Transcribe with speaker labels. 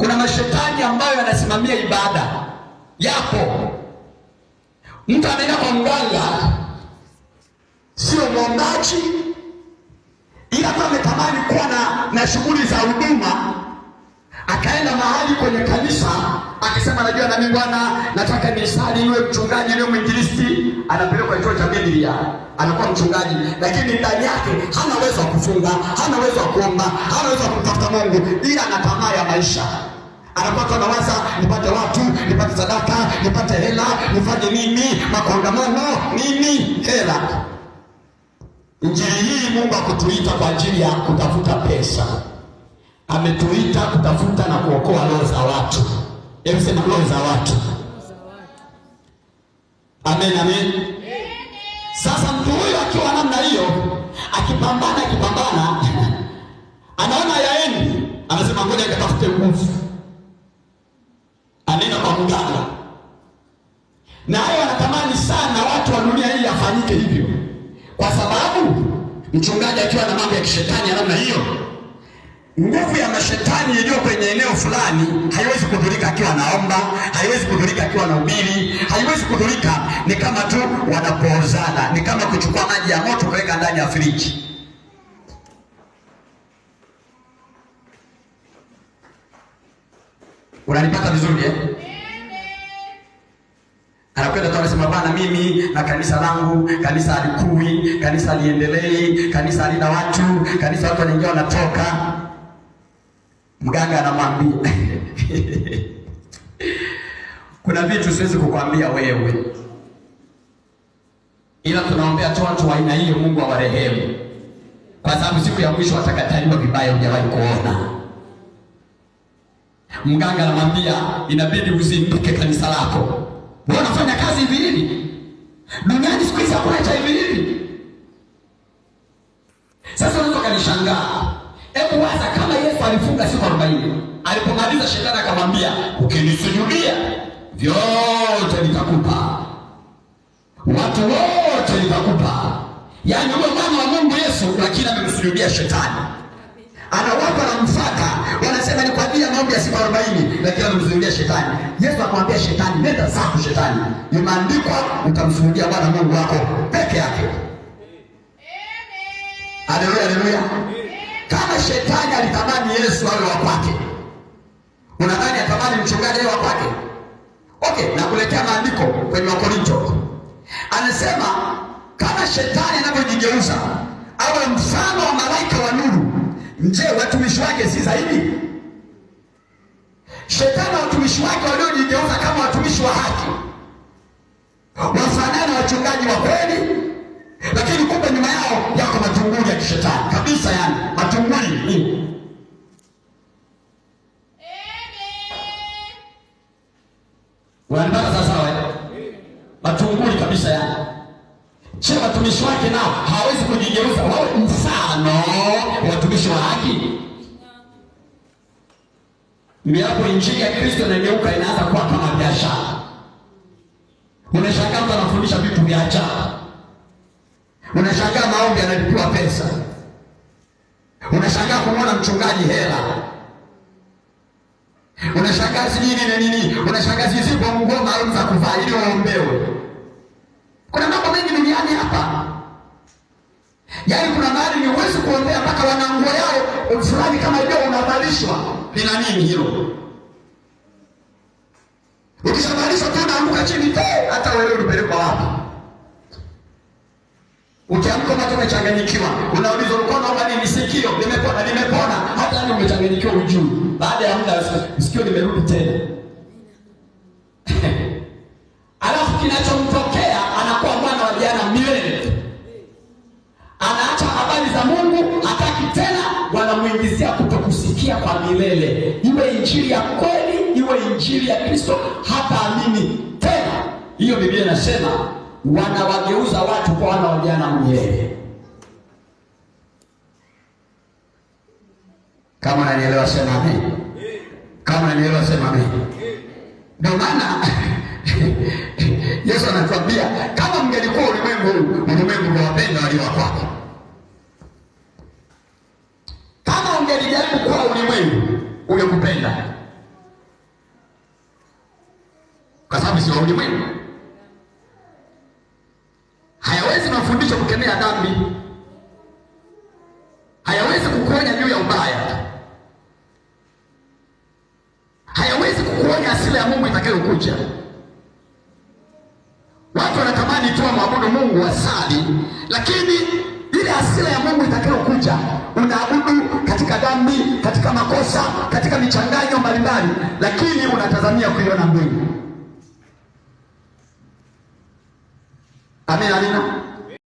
Speaker 1: Kuna mashetani ambayo yanasimamia ibada yapo. Mtu anaenda kwa mganga, sio mwombaji, ila kama ametamani kuwa na, na shughuli za huduma, akaenda mahali kwenye kanisa akisema najua nami bwana, nataka nisali iwe mchungaji niwe mwinjilisti. Anapelekwa chuo cha Biblia, anakuwa mchungaji, lakini ndani yake hana uwezo wa kufunga, hana uwezo wa kuomba, hana uwezo wa kumtafuta Mungu, ila ana tamaa ya maisha anapata anawaza, nipate watu, nipate sadaka, nipate hela, nifanye nini, makongamano nini, hela. Njia hii Mungu akutuita kwa ajili ya kutafuta pesa, ametuita kutafuta na kuokoa roho za watu. Hebu sema roho za watu. Amen, amen. Sasa mtu huyo akiwa namna hiyo, akipambana akipambana, anaona yaendi, anasema ngoja nikatafute nguvu anena kwa mganga, na haya anatamani sana watu wa dunia hii afanyike hivyo, kwa sababu mchungaji akiwa na mambo ya kishetani ya namna hiyo, nguvu ya mashetani iliyo kwenye eneo fulani haiwezi kudhurika akiwa anaomba, haiwezi kudhurika akiwa na ubiri haiwezi kudhurika. Ni kama tu wanapoozana, ni kama kuchukua maji ya moto kuweka ndani ya friji Unanipata vizuri eh? Anakwenda tu anasema bana, mimi na kanisa langu, kanisa halikui, kanisa aliendelei kanisa halina watu, kanisa watu wanaingia wanatoka. Mganga anamwambia kuna vitu siwezi kukwambia wewe, ila tunaombea tu watu wa aina hiyo, Mungu awarehemu, kwa sababu siku ya mwisho watakataliwa vibaya. Hujawahi kuona Mganga anamwambia inabidi uzinduke kanisa lako. Wewe unafanya kazi hivi hivi. Duniani siku hizi hakuna cha hivi hivi. Sasa mtu akanishangaa Hebu waza kama Yesu alifunga siku 40. Alipomaliza shetani akamwambia, "Ukinisujudia, vyote nitakupa." Watu wote nitakupa. Yaani huyo mwana wa Mungu Yesu lakini amemsujudia shetani. Anawapa kuja siku arobaini, lakini amemzuilia shetani. Yesu akamwambia shetani, nenda zako shetani, imeandikwa utamsujudia Bwana Mungu wako peke yake. Haleluya, haleluya! Kama shetani alitamani Yesu awe wa kwake, unadhani atamani mchungaji awe wa kwake? Okay, nakuletea maandiko kwenye Wakorinto anasema kama shetani anavyojigeuza awe mfano wa malaika wa nuru, nje watumishi wake si zaidi? Shetani watumishi wake waliojigeuza kama watumishi wa haki wafanana na wachungaji wa kweli, lakini kumbe nyuma yao yako matunguli ya kishetani kabisa, yani matunguli wanataka sasa matunguli kabisa yani. che watumishi wake nao hawawezi kujigeuza wawe mfano watumishi wa haki? Mbiapo injili ya Kristo inageuka, inaanza kuwa kama biashara. Unashangaa mtu anafundisha vitu vya ajabu, unashangaa maombi yanalipiwa pesa, unashangaa kumwona mchungaji hela, unashangaa si nini na nini, unashangaa zizipo nguo maalum za kuvaa ili waombewe. Kuna mambo mengi duniani hapa, yaani kuna mahali ni uwezi kuombea mpaka wana nguo yao fulani kama hiyo unavalishwa lina nini hilo? Ukisabalisha tu unaanguka chini tu, hata wewe ulipelekwa wapi? Ukiamka macho umechanganyikiwa, unaulizwa ulikuwa naomba nini? Sikio limepona, limepona, hata yani umechanganyikiwa, ujuu. Baada ya muda sikio limerudi tena alafu kinachomtokea anakuwa mwana wa jana milele, anaacha habari za Mungu inamwingizia kutokusikia kwa milele, iwe injili ya kweli, iwe injili ya Kristo, hata amini tena. Hiyo Biblia inasema wanawageuza watu kwa wana wajana milele. Kama unanielewa sema amen. Kama unanielewa sema amen. Ndio maana Yesu anatuambia kama mngelikuwa ulimwengu huu, ulimwengu ungewapenda walio wako. lijapo kwa ulimwengu ule kupenda, kwa sababu sio ulimwengu. Hayawezi mafundisho kukemea dhambi, hayawezi kukuonya juu ya ubaya, hayawezi kukuonya asili ya Mungu itakayokuja. Watu wanatamani tu waabudu Mungu, wasali, lakini ile asili ya Mungu itakayokuja unaabudu katika makosa, katika michanganyo mbalimbali, lakini unatazamia kuiona mbingu. Amina, amina.